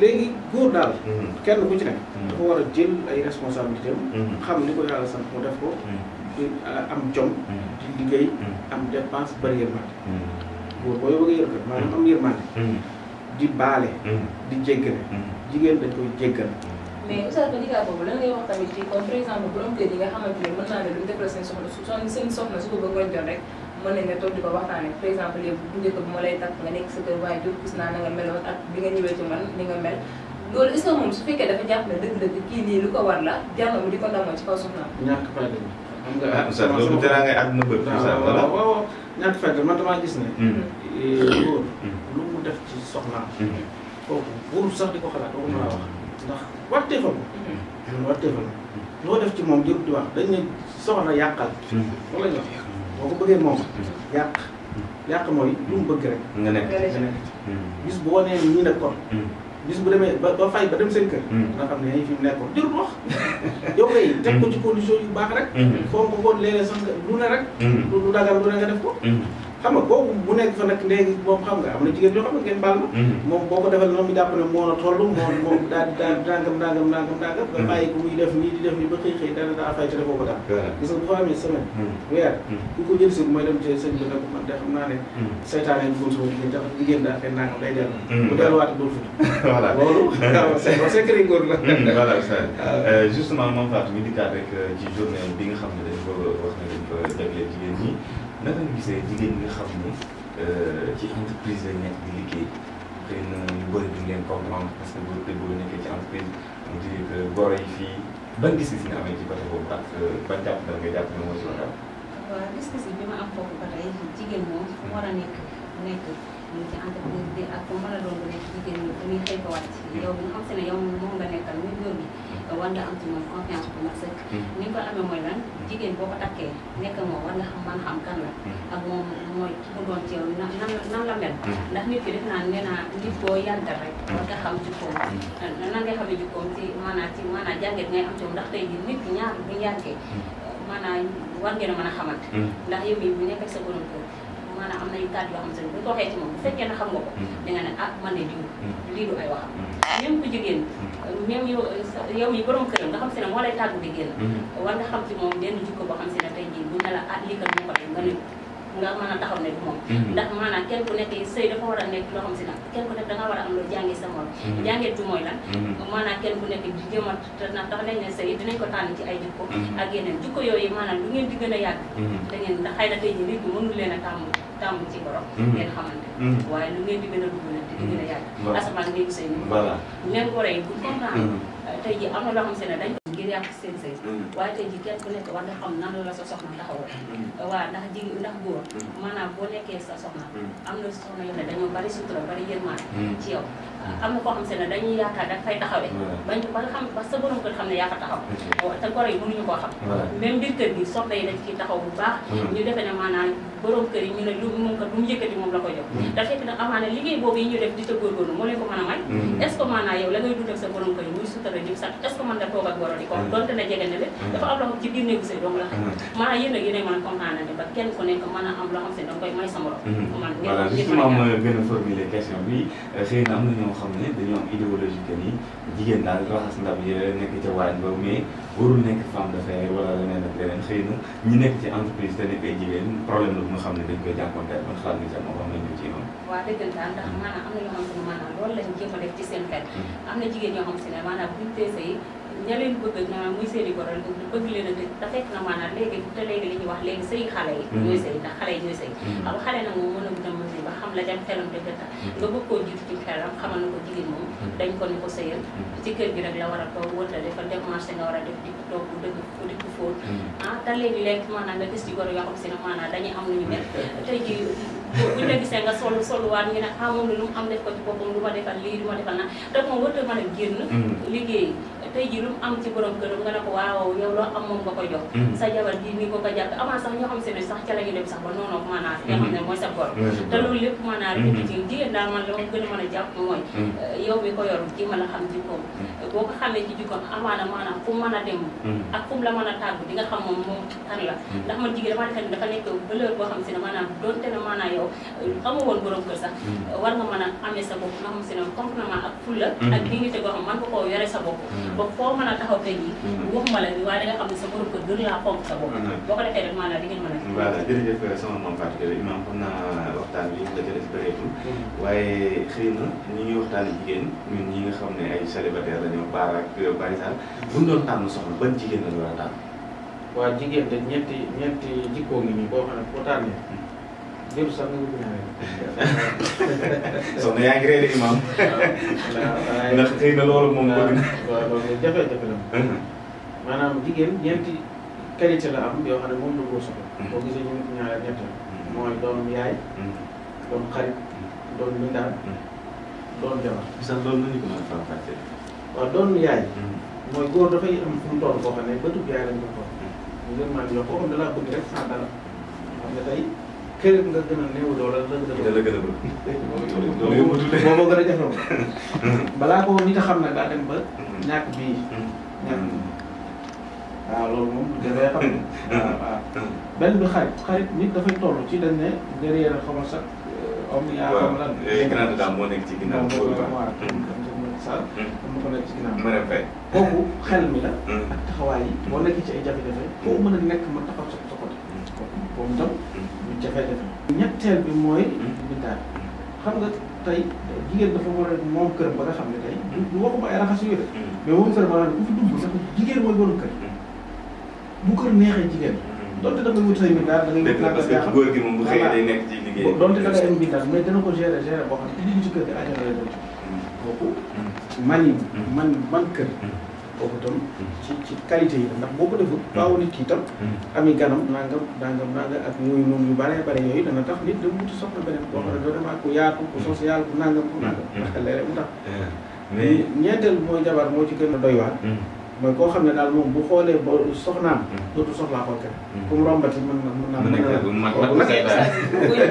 léegi góor daal. kenn ku ci nekk. dafa war a jël ay responsabilités xam ni ko yàlla sant mu def ko. am jom. di liggéey. am dépense bari yërmande. Hmm. góor boo a hmm. di baale. Hmm. di jéggale. jigéen dañ koy jéggal. mais oustaz ba digaa boobu lan ngay wax tamit ci comme par yi nga xam ne mën naa ne duñ defal seen soxla su seen ko bëggoon ne toog exemple léegi bu lay takk nga nekk si kër waaye jur gis naa na nga meloon ak bi nga ñëwee ci man ni nga mel loolu est moom su fekkee dafa jàpp ne dëgg-dëgg kii nii lu ko war la jàmm mu di ko ndamoo ci kaw soxnaam ah oustaz loolu teraa ngay àdduna bët. waaw waaw waaw ñàkk fekk man damaa gis ne. Hmm. Eh, hmm. góor lu mu def ci soxnaam. Hmm. kooku wóorul sax di ko xalaat kooku mën a wax ndax warteefal ko. warteefal ko loo def ci moom jël di wax dañ ne soxna yàqal. loolu la yàq mooy lu mu bëgg rek. nga nekk nga nekk bis boo nee nii kon. bis bu demee ba ba fay ba dem seen kër. Hmm. nga xam ne fi mu nekkoon jërul wax. yow kay hmm. teg ko ci condition yu baax rek. Hmm. foo ko ko léeg-léeg sax lu ne rek. lu dagal lu ne nga def ko. xam nga kooku bu nekk fa nag léegi moom xam nga am na jigéen yoo xam ne ngeen baal ma. Mhm. moom boo ko defal noonu ñu jàpp ne moo la toll moom moom daal di daal nangam nangam nangam nangam. Mhm. nga bàyyi ba xëy xëy dana daa fay te defoo ko daal. gis nga bu fa amee semaine. Mhm. weer ko jël si mooy dem ci de xam naa ne. saytaane bi góor sama jigéen dafa jigéen daal fay nangam day dellu. bu delluwaatee dootul. voilà loolu. secret góor la. voilà c' est euh, justement moom Fatou mi dikkaat rek euh, ci bi nga xam ne dañ ko wax ne dañ ko jagleel jigéen ñi naka nga gisee jigéen ñi xam ne euh, ci entreprise lañ nekk di liggéey xëy na ñu bëri duñ leen comprendre parce que bu dee boo nekkee ci entreprise mu di que yi fii ban gis-gis nga amee ci côté boobu ak euh, jàpp da nga jàpp ne moo ci war a am. waaw bi ma am foofu ba tey jigéen moom war nekk nekk. ñu ci entreprise bi ak a doon nekk jigéen ñi dañuy ko wàcc bi nga xam si ne yow moom nga ni rek war nga xam jikkoom nan nga xamee jikkoom ci ci maanaam jàngat ngay am ci ndax tey ñaar bu yàggee maanaam war ngeen a mën a xamante ndax yow mi nekk sa borom maanaam am na yu kàddu yoo xam ne bu ñu ko waxee ci moom bu fekkee ne xam nga ko mm-hmm. da nga ne ah man de diw mm-hmm. lii du ay waxam mm-hmm. même ku jigéen même yow yow mi borom këram nga xam si ne moo lay tàggu di génn war nga xam ci moom benn jikko boo xam si ne tey jii bu ne la ah lii kat moo ko def nga ne nga mën a taxaw ne du moom mhm. ndax maanaam kenn ku nekk sëy dafa war a nekk loo si nag kenn ku nekk da war a am loo jàngee sa morom mhm. jàngee du mooy lan mhm. maanaam kenn ku nekk di a ndax tax nañ ne sëy dinañ ko tànn ci ay jikko ak yeneen jikko yooyu maanaam lu ngeen di gën a yàgg da ngeen ndax xëy na tey jii nit ñi mënul leen a tàmm tàmm ci borom ngeen xamante waaye lu ngeen di gën a dugg di gën a yàgg asamaan ngeen sëy ni même gore yi bu comprendre tey jii am na loo xam si ne dañ ngir yàq seen sëy mm. waaye tey ji kenn ku nekk war nga xam nan la sa soxna taxawoo mm. waaw ndax jigi ndax góor mm. maanaam boo nekkee sa soxna am na soxna yoo xam ne dañoo bari na koo da fay taxawee bañ ba yaa taxaw te goro yi mënuñu koo xam gi soxna yi taxaw bu baax ñu defee ne maanaam borom kër yi ñu ne lu moom kat lu mu yëkkati moom la ko jox te fekk na amaana liggéey boobu yi ñu def di ca góorgóorlu moo leen ko mën a may est ce la ngay dundal sa borom kër yi muy sutura di sant est nga toog ak goro ci kaw donte jege ne le dafa am loo xam ci biir mm-hmm. ne ba kenn ku sa morom mm-hmm. man bi euh, xëy xam ne dañoo am jigéen daal raxas ndab yi nekk ca waañ ba mais warul nekk femme la xam ne dañ koy jànkonteel mm-hmm. am na ñoo xam ne maanaam loolu lañ jéem a def ci seen xel am na jigéen ñoo xam si ne maanaam buñ peese yi ña leen bëgg maanaam muy seen i borom bëgg leen a dëkk te fekk na maanaam léegi te léegi li ñuy wax léegi sëy xale yi mm-hmm. ñooy sëy ndax xale mm-hmm. na moom mën a xam la jam xelam dëgg tax mm-hmm. nga bëgg koo jiitu ci ko jigéen moom ko ni ko sëyal ci kër gi war a toog wërta defal def marché nga war a def di ko toog bu dëgg bu dëgg fóot ah te léegi ne maanaam dañuy am lu ñu mel tey ji buñ la gisee nga sol soluwaat ñu ah, mu am def ko ci boppam lu ma defal lii lu defal naa te moom wërta mën a génn liggéey tey jii lu mu am ci borom këram nga ne ko waaw yow loo am moom nga jox mm-hmm. sa jabar ji ni ko ko jàpp avant sax ñoo xam seen sax ca la dem sax ba noonu ko maanaam mm-hmm. nga xam ne mooy sa bor te loolu lépp maanaam rek mm-hmm. ci jigéen daal man la ma gën a a jàpp mooy yow mi ko yor ji ma la xam ji koom boo ko xamee ci jikkoon amaana maanaam fu mu mën a dem hmm. ak fu mu la mën a tàggu di nga xam moom moom kan la hmm. ndax man jigéen damaa defe ne dafa nekk valeur boo xam si ne maanaam doonte ne maanaam yow amoo woon borom kër sax hmm. war nga mën a amee sa bopp nga xam si ne complètement ak fulla ak dignité boo xam man ko koo yore sa bopp ba foo mën a taxaw tey jii waxuma la waaye da nga xam ne sa borom kër gën laa fonk sa bopp boo ko defee rek maanaam di ngeen mën a voilà jërëjëf sama maam Fatou imam xam naa waxtaan bi la jërëjëf bëreetul waaye xëy na ñu ngi waxtaan jigéen ñun ñi nga xam ne ay célibataire lañu baara ak bari sax bu ñu doon tànn soxna ban jigéen la ñu war a tànn. waaw jigéen de ñetti ñetti jikkoo ngi nii boo xam ne boo tànnee. yaa ngi réeré imam. ndax xëy na loolu moom na. waaw loolu jafe-jafe la maanaam jigéen ñeenti qualité la am yoo xam ne moom la ko soxla. boo gisee ñu ngi ñaareel ñett mooy doon yaay. doon xarit doon mindaan. doon jabar. sax loolu a faram-fàccee. waaw doon yaay. Mm. mooy góor dafay am fu ko toll. a gën xam ne dalaa bëgg rek sans dara xam nga tey a néew a. a moom gën a jafe a xam nag daa dem ba. Mm. ñàkk bii. Mm. ñàkk bii waaw loolu moom dafay xam ne. waaw ba benn bi xarit xarit nit dafay toll ci dañ ne derrière xaw ma sax. Euh, waaw yaa xam lan. waaw eh, grande dame moo nekk Sall. mu ko nekk si ginnaaw. mën a fay xel mi la. Hmm. ak taxawaay yi. boo ay jafe-jafe. foo mën a nekk ma taxaw sa sa côté. Hmm. kooku boobu itam. ñu hmm. jafe-jafe. ñetteel bi mooy. bindaal xam nga tey jigéen dafa war a moom kër ba nga xam ne tey. du waxuma ay raxas yu def. mais moom kër ba nga xam jigéen mooy borom kër. bu kër neexee jigéen. donte da nga wut say bindaal da ngay wut naan parce que góor gi moom bu xëyee day nekk ci liggéey. donte da nga am bindaal mais dana ko gérer gérer boo xam ne li ñu ci kër gi aajal lay doon kooku manin mm-hmm. man man kër mm-hmm. kooku tam mm-hmm. ci ci qualité yi ndax boo ko deful baawu nit ki tam ami ganam nangam nangam nangam ak muy moom yu bare bare yooyu dana tax nit dama wuti soxna beneen boo xam ne vraiment ku yaatu ku social ku nangam ku nangam ndax léeg-léeg mu tax mais ñeenteel mooy jabar moo ci gën a doy waar mooy koo xam ne daal moom bu xoolee ba soxnaam. Hmm. dootu soxlaa koo kenn. Hmm. ku mu rombati mën na mën naa. mën na mën na mën na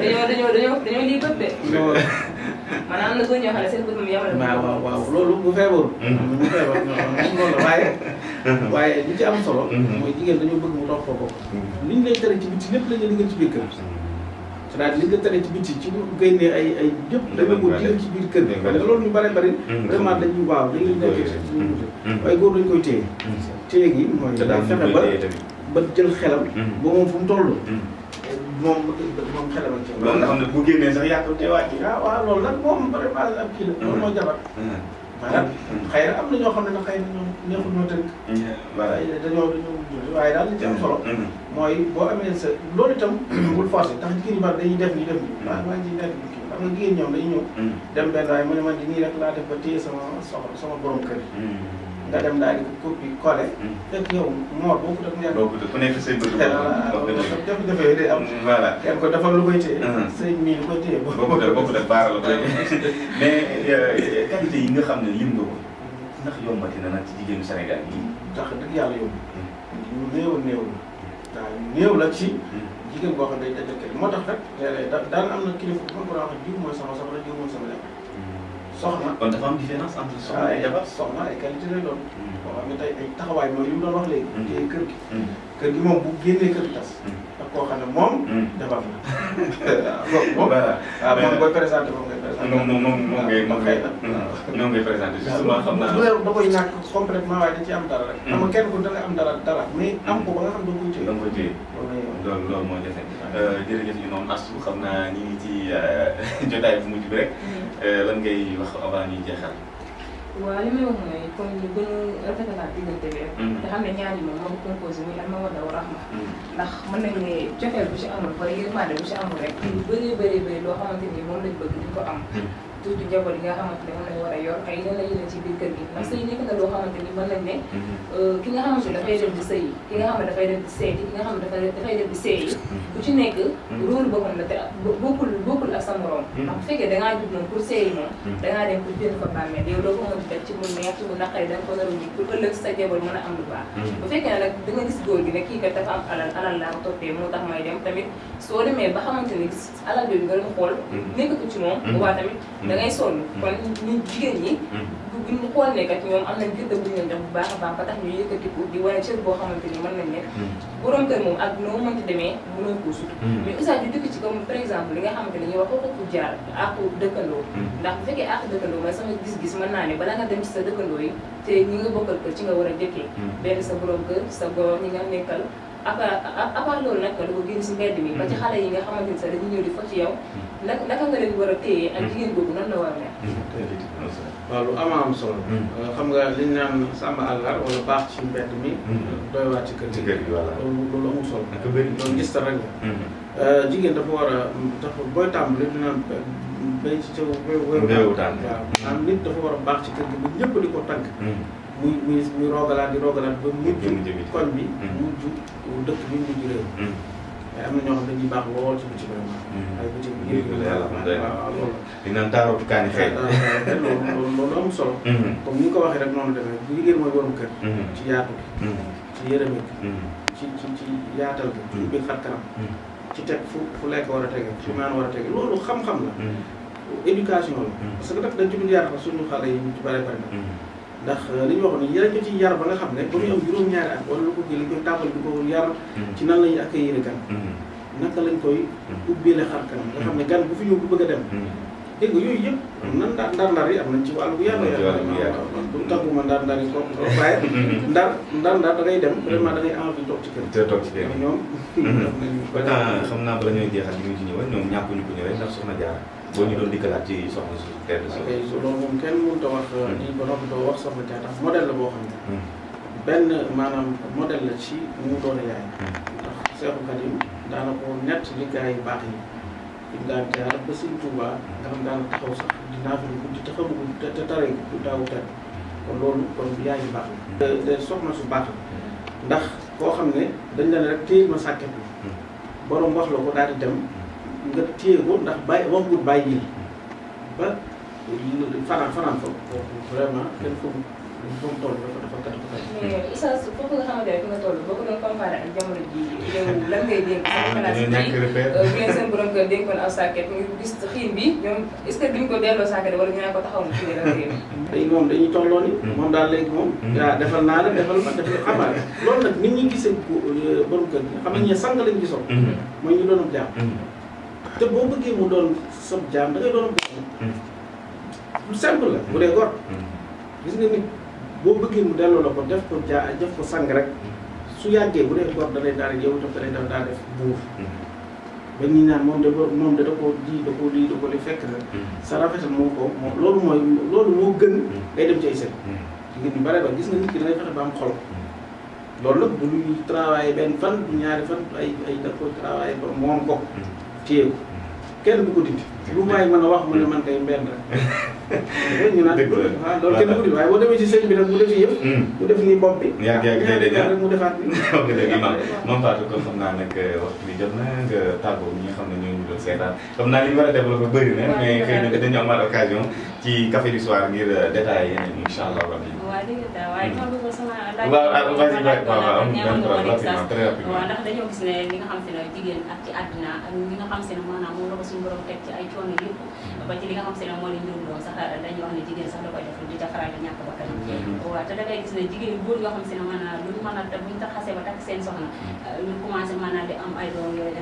dañoo dañoo dañoo dañoo lii bët de. maanaam am na góor ñoo xam ne seen bët moom yamale. waaw waaw waaw loolu bu feebarul. bu hmm. feebar noonu la waaye. waaye li ci am solo. mooy jigéen dañoo bëgg mu toog foofu. liñ lay tere ci biti lépp lañ leen digal ci biir kër. cest à li nga tere ci biti ci bu génnee ay ay yëpp dama ko jël ci biir kër bi da loolu ñu bare bare vraiment dañu waaw dañuy nekk ci mm-hmm. Mm-hmm. waaye góor dañ koy téye mm-hmm. téye gi mooy daa fexe ba ba jël xelam ba moom fu mu toll moom moom xelam ak loolu xam ne bu génnee sax yàq te wàcc waaw ah, waaw loolu nag moom vraiment am kii la loolu moo jabar maanaam xëy am na ñoo xam ne nag xëy na ñoom neexul ñoo tënk waaye daal li ci am solo mooy boo amee sa loolu itam mm. bul forcé ndax jigéen ñi bari dañuy def nii def nii mm. waaw maa ngi nekk kii xam nga jigéen ñoom dañuy ñëw mm. dem benn waaye mu ne man di nii rek laa def ba téye sama soxla sama borom kër nga dem daal di copie collé fekk yow moor boo ko def nekk ku nekk say bët jafe-jafe yooyu day am voilà kenn ko defal lu koy téye mm-hmm. say mii lu koy téye boobu def boobu def baara la koy mais euh, qualité yi nga xam ne lim nga ko ndax yombati na nag ci jigéenu Sénégal yi tax dëgg yàlla yomb néew néew néew la ci hmm. jigéen boo xam ne dañ dajal moo tax rek léeg am na kilifa bu ma ko wax jiw mooy sama soxna jiw mooy sama jabar hmm. soxna kon dafa am différence entre soxna ay jabar soxna ay qualité lay doon hmm. boo xam ne tey ay taxawaay mooy li doon wax léegi te kër gi kër gi moom bu génnee kër gi tas ak koo xam ne moom. Hmm. defar na waaw moom booy ah, présenté moom ngay présenté. moom moom moom ngay moom ngay moom ngay ah. hmm. présenté. Ah, justement xam naa da koy ñàkk complètement waaye da ci am dara rek. xam hmm. nga kenn ku da nga am dara dara mais am ko ba nga xam doo koy téye. doo koy téye loolu loolu moo jafe. Euh, jërëjëf ñu noonu Astou xam naa ñu ngi ci euh, jotaay bu mujj bi rek. Euh, lan ngay wax avant ñuy jeexal. waaw li may wax mooy comme ñu gën a rafetalaat diggante bi rek. te xam ne ñaar yi moom moo ko composé muy am ma war a raxma. ndax mën nañu ne cofeel bu ci amul wala yërmande bu ci amul rek. lu bëree bëri bëri loo xamante ni moom lañ bëgg duñ ko am. surtout njaboot yi nga xamante ne moom lañ war a yor ay yeneen la yeneen ci biir kër gi ndax sëy nekk na loo xamante ni mën nañ ne mhm. euh, ki nga xamante ne dafay dem di sëy ki nga ne dafay dem bu mhm. ci nekk mhm. rôle boppam la te bokkul bokkul ak sa morom ndax bu fekkee dangaa jub moom pour seeyi moom dangaa dem pour doo di nga a pour sa njaboot a am lu baax bu fekkee ne kii kat dafa am alal alal laa ko dem tamit soo demee ba xamante ni alal jooju ci moom bu tamit da ngay sonn mm. kon ñun jigéen yi mm. buñ xool ne kat ñoom am nañ gëdd bu ñu leen jox bu baax a baax ba tax ñu yëkkatiku di wane cër boo xamante ni mën nañ ne mm. borom kër moom ak noo mënti demee mënoo koo sut mais usa ñu dëkk ci comme par exemple li nga xamante ni ñu wax ko jaar àqu dëkkandoo ndax bu fekkee àqu dëkkandoo mooy sama gis-gis mën naa ne bala nga dem ci sa dëkkandoo yi te ñi nga bokkal kër ci nga war a jëkkee benn sa borom kër sa goro ñi nga nekkal à part loolu nag lu ko génn mi. ba ci mm-hmm. xale yi nga xamante a sax dañuy ñëw di fa ci yow. Mm-hmm. naka naka nga leen war a téye ak mm-hmm. jigéen boobu nan la war a mel. waaw lu am am solo. Euh, xam nga li ñu naan sàmm àllar wala baax ci mbedd mi. doy waat ci kër gi ci kër gi gis rek la. Euh, jigéen dafa war a dafa booy tàmbali li ñu naan euh, béy ci ca wéewu. wéewu tànn waaw maanaam nit dafa war a baax ci kër gi ba ñëpp di ko tànk. muy muy muy roogalaan di roogalaan ba mujj koñ bi mm-hmm. mujj dëkk bi mujj réew mais mm-hmm. am na ñoo xam dañuy baax lool ci bëccëg vraiment mm-hmm. ay bëccëg bi waaw loolu di naan taarootu kaani xëy loolu loolu am solo comme ni ko waxee rek noonu demee bu liggéey mooy borom kër ci yaatu bi ci yërëmi ci ci ci yaatal bi ci ubbi xar kanam ci teg fu fu lekk war a tege fu naan war a tege loolu xam-xam la éducation la parce que daf dañ ci bind yaatal suñu xale yi ñu ci bare ndax euh, li ñu wax ni yar ñu ci yar ba nga xam ne ba muy mm-hmm. am juróom-ñaari at wala lu ko kii lañ koy tàmbali ko yar mm-hmm. ci nan lañuy accueillir gan mm-hmm. naka lañ koy ubbeele xar kanam nga xam ne gan bu fi ñëw bu bëgg a dem dégg nga yooyu yëpp nan ndar ndar ndar yi am nañ ci wàllu bu yàlla yàlla bu tàgguma da ngay dem vraiment da ngay envie toog ci kër te toog ci kër ñoom xam naa bala ñooy jeexal ñu ci ñëwee ñoom ñàkkuñu ndax soxna Diarra boo ñu doon dikkalaat ci soxna su kenn si. ok loolu moom kenn mënut a wax euh, hmm. ni ba noppi wax soxna Dia ndax modèle la boo xam ne. Hmm. benn maanaam modèle la ci mu doon yaay. Hmm. ndax Seexu Xadim daana yu baax yi. Ibn Daam ba Sëñ Tuubaa nga xam daana taxaw sax dinaa fi guddi te xamu ko te tare ko daawu teel kon loolu kon yaay yu baax la. soxna su baax la ndax koo xam ne dañ la ne rek téye ma sàkket bi borom wax la ko daal di dem. nga téye ko ndax bàyyi moom pour bàyyi ji ba fanaan fanaan fa vraiment kenn foofu foofu toll dafa dafa kat ko tey. mais Issa foofu nga xamante ne fi nga toll boo ko doon comparé ak jamono jii yow lan ngay dénk. Ah, dañoo ñàkk repère euh, bu ngeen seen borom kër dénkoon aw sàkket mu gis que duñ ko delloo moom dañuy tolloo ni. Hmm. moom daal léegi moom. waaw hmm. defal naa la defal ma defal xam nga loolu nag nit ñi gisee euh, borom kër gi xam nañ ne sang lañ gisoon. Hmm. mooy ñu doon jaam. te boo bëggee mu doon sob jaam da ngay doon lu simple la bu dee gor gis boo bëggee mu delloo la ko def ko jaa def ko sang rek su yàggee bu dee gor da lay daal yow daf da lay def buur ba ñu naan moom da ko moom ko di da ko di da ko di fekk rek sa rafetal moo ko loolu mooy loolu moo gën ngay dem ci ay sët ngir ñu bare ba gis nga nit ki da ngay ba am xol loolu nag du luy travaillé benn fan ñaari fan ay ay da ko travaillé ba moom ko téye ko hmm. kenn du ko lu may mën a wax mu ne man kay mbenn rek. ñu naan waaw loolu kenn ku di waaye boo demee ci sëñ bi nag mu def yëpp. Hmm. mu def nii bopp bi. yaa ngi yaa ngi rek mu defaat bi. ok dëgg la moom Fatou kon xam naa nag eh, waxtu bi jot na nga tàggoo ñi nga xam ne ñoo ñu doon seetaan xam naa li ñu war a développé bëri na mais xëy na dañu amaat occasion ci café du soir ngir eh, détaillé yeneen incha allah rabbi. waaw dëgg la waaye hmm. tontu ko sama laaj. waaw ah, vas y waaw waaw amul benn problème rapidement très rapidement. waaw ndax dañoo gis ne li nga xam te ne jigéen ak ci àddina ak li nga xam te ne maanaam moom la ko suñu borom teg ci ay coono yëpp ba ci li nga xam se ne moo leen yóbbu woon sax dañuy wax ne jigéen sax da koy def di jafaral ñàkk ba gis ne jigéen góor yoo xam se a ta xasee ba takk seen soxna ñu commencé maanaam am ay doom yooyu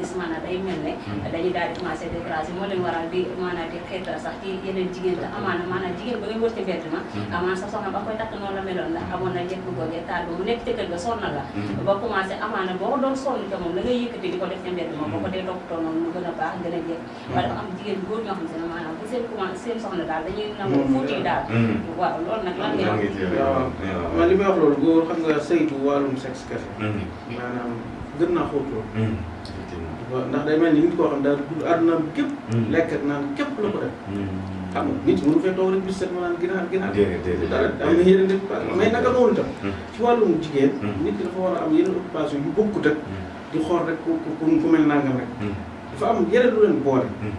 gis maanaam day mel ne dañuy daal di commencé décrasé moo leen waral di maanaam sax ci yeneen jigéen te amaana maanaam jigéen ba ngay wër ci mbedd ma amaana sax soxna ba koy takk na njëkk googee taal ba mu nekk ci kër ga boo ko doon moom la ngay yëkkati di ko def dee toppatoo noonu mu gën a baax gën a jëkk am jigéen góor ñoo xam maanaam gën naa xóot loolu ndax day mel ni nit koo xam daal àddunaam képp lekk naan képp la ko def xam nga nit mënu fee toog rek bis ma naan ginaar ginaar dara am na yeneen occupation mais naka noonu tam ci wàllum jigéen nit ki dafa war a am yeneen occupation yu bokkut ak di xool rek ku ku mel nangam rek dafa am yeneen lu leen boole. Hmm.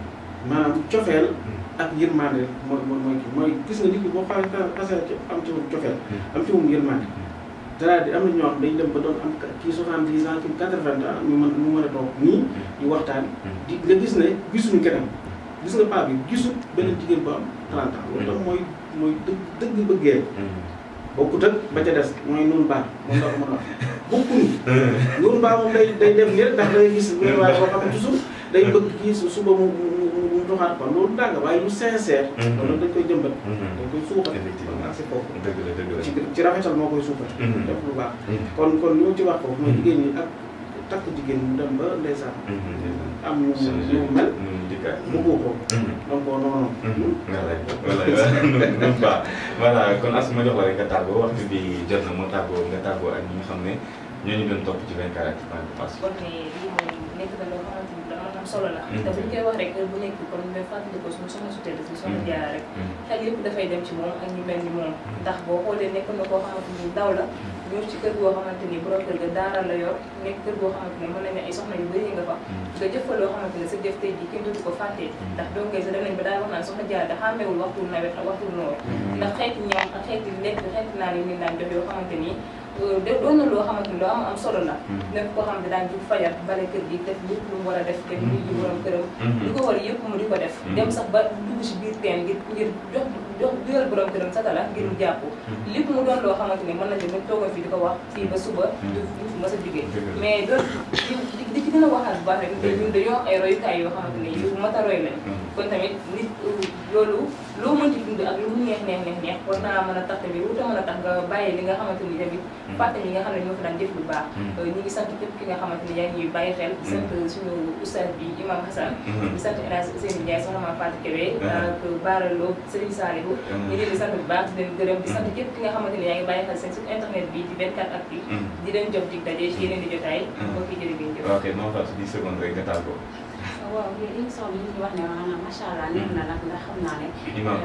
maanaam cofeel hmm. ak yërmande mooy mooy mooy gis nga nit ki boo xoolee xasee ci am ci moom cofeel hmm. am ci moom yërmande dara di am na ñoo xam dañ dem ba doon am kii soixante dix ans kii quatre vingt ans ñu mën a toog nii ñu waxtaan di nga gis ne gisuñu keneen gis nga paa bi gisul beneen jigéen bu am trente ans loolu tam mooy mooy dëgg dëgg bëggee bokkut ak ba ca des mooy nun baax moom la ko mën a wax bokkuñu nun baax moom day def nii rek day bëgg kii suba mu mu mu doxaat kon loolu dàgg waaye lu sincère. kon mhm. loolu dañ koy jëmbat. Mhm. dañ koy suuxat. effectivement kon foofu. dëgg la dëgg la ci ci rafetal moo koy suuxat. Mhm. def jigéen ñi ak takk jigéen mu dem ba ndeysaan. am ñu ñu mel. bëggoo ko. donc non non. voilà voilà kon as ma jox la rek nga tàggoo waxtu bi jot na moo tàggoo nga tàggoo ak ñi xam ne ñooñu doon topp ci 24 actu point com. solo la. te ñu koy wax rek bu nekk kon nga fàttali ko suñu soxna su tedd si soxna Diarra dafay dem ci moom ak ñu mel ni boo xoolee nekk na koo xamante ni daw la ñëw ci kër goo xamante ni borom kër ga daara la kër goo xamante ni mën nañu ay nga fa. nga jëf fa loo xamante ni sa jëf ko fàtte. ndax doo ngay daal wax naan soxna Diarra da xàmmeewul waxtu nawet ak waxtu noor. ndax xeeti ñam ak xeeti lekk xeeti naan yi ñu daan yoo xamante ni doon na loo xamante ni loo am am solo la. Hmm. nekk koo xam ne daan jug fajar bale kër gi def lépp lu war a def. te mu ngi ji ko war yëpp mu di ko def. Hmm. dem sax ba dugg si biir teen ngir ngir jox. jox dugal borom sa tala ngir mu hmm. jàpp hmm. lépp mu doon loo xamante ni mën na ne toogoon fi di ko wax fii ba suba hmm. du mës a jógee mais doon di ci gën a waxaat bu baax xamante ni a roy kon tamit nit loolu loo mën ci dund ak lu mu neex neex neex neex war naa mën a tax tamit wuta mën a tax nga bàyyi li nga xamante ni tamit fàtte ñi nga xam ne ñoo fi daan baax euh, ñi ngi ki nga xamante ni yaa ngi bàyyi xel di sant suñu oustaz bi imam Hassan di sant El Hadj Ousseynou Ndiaye soxna Fatou Kébé ak Baara Lo Serigne Saliou ko mm-hmm. ñu leen di bu baax di leen gërëm di sant képp nga xamante ne yaa ngi bàyyi xel seen site internet bi di 24 actu mm-hmm. di leen jox dig daje ci yeneen di jotaay mm-hmm. mbokk yi jërë ngeen jëf ok moo tax 10 secondes rek nga tàggoo waaw émission bi ñu wax ne maanaam allah neex na nag ndax xam naa ne. imam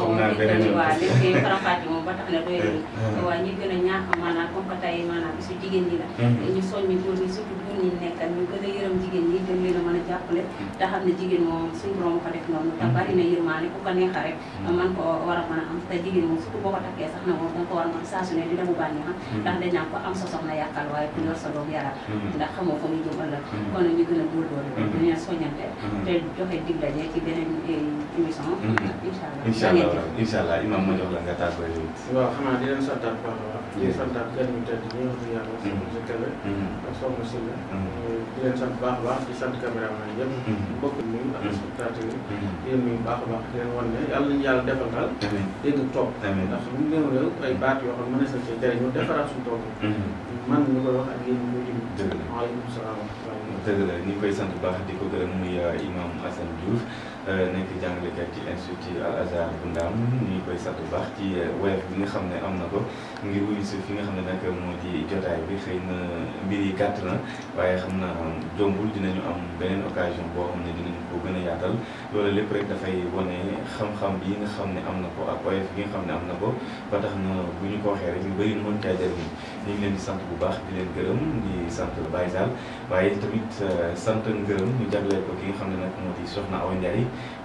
xam naa beneen yoon a ñaax maanaam comme que tey ñi la. Mm-hmm. a yërëm jigéen a xam ne ko a mm-hmm. a a mën ne di xam mm-hmm. ndax dañ naan waaye ku yor sa doom yaral ndax xamoo fa muy jëm ëllëg kon ñu gën a góorgóorlu a soññante. Eh, te joxe dig daje ci beneen émission. incha allah incha allah imam ma jox la nga tàggoo yow. waaw xanaa di leen santaat baax a baax. di leen santaat gan ñu tedd ñi wax dëgg yàlla. soxna Kelle. ak soxna Sylla. di leen sant baax a baax di sant caméraman yëpp. mbokk yi ak spectateur yi. di leen baax a baax di leen wan ne yàlla defal daal. dégg toog. ndax bu ñu néew réew ay baat yoo xam ne mën na sa cee jëriñu defaraat suñu toog. man mi dëgg la ñu ngi koy sant bu baax di ko gërëm muy euh, imam Assane Diouf euh, nekk jàngalekat ci institut Al Azhar bu Ndaam ñu ngi koy sant bu baax ci euh, woyof bi nga xam ne am na ko ngir wuyu si fi nga xam ne nag moo di jotaay bi xëy na mbir yi gàtt na waaye xam na jombul dinañu am beneen occasion boo xam ne dinañu ko gën a yaatal loolu lépp rek dafay wane xam-xam bi nga xam ne am na ko ak woyof bi nga xam ne am na ko ba tax na bu ñu ko waxee rek ñu bëri mën caa jëriñu ñu ngi leen sant bu baax di leen gërëm di sant Baye Sall waaye tamit euh, sant ngërëm ñu jagleel ko ki nga xam ne nag moo di Soxna Awa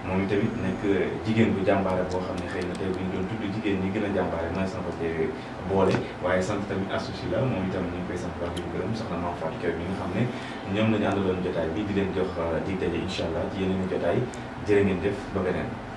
moom tamit nekk jigéen bu jàmbaare boo xam ne xëy na tey bu ñu doon tudd jigéen ñi gën a jàmbaare mën na ko cee boole waaye sant tamit Astou la moom itam ñu ngi koy sant bu baax di gërëm soxna Mame Fatou Thiaw mi nga xam ne ñoom la ñu àndaloon jotaay bii di leen jox euh, dig daje incha allah ci yeneen i jotaay jërë ngeen def ba beneen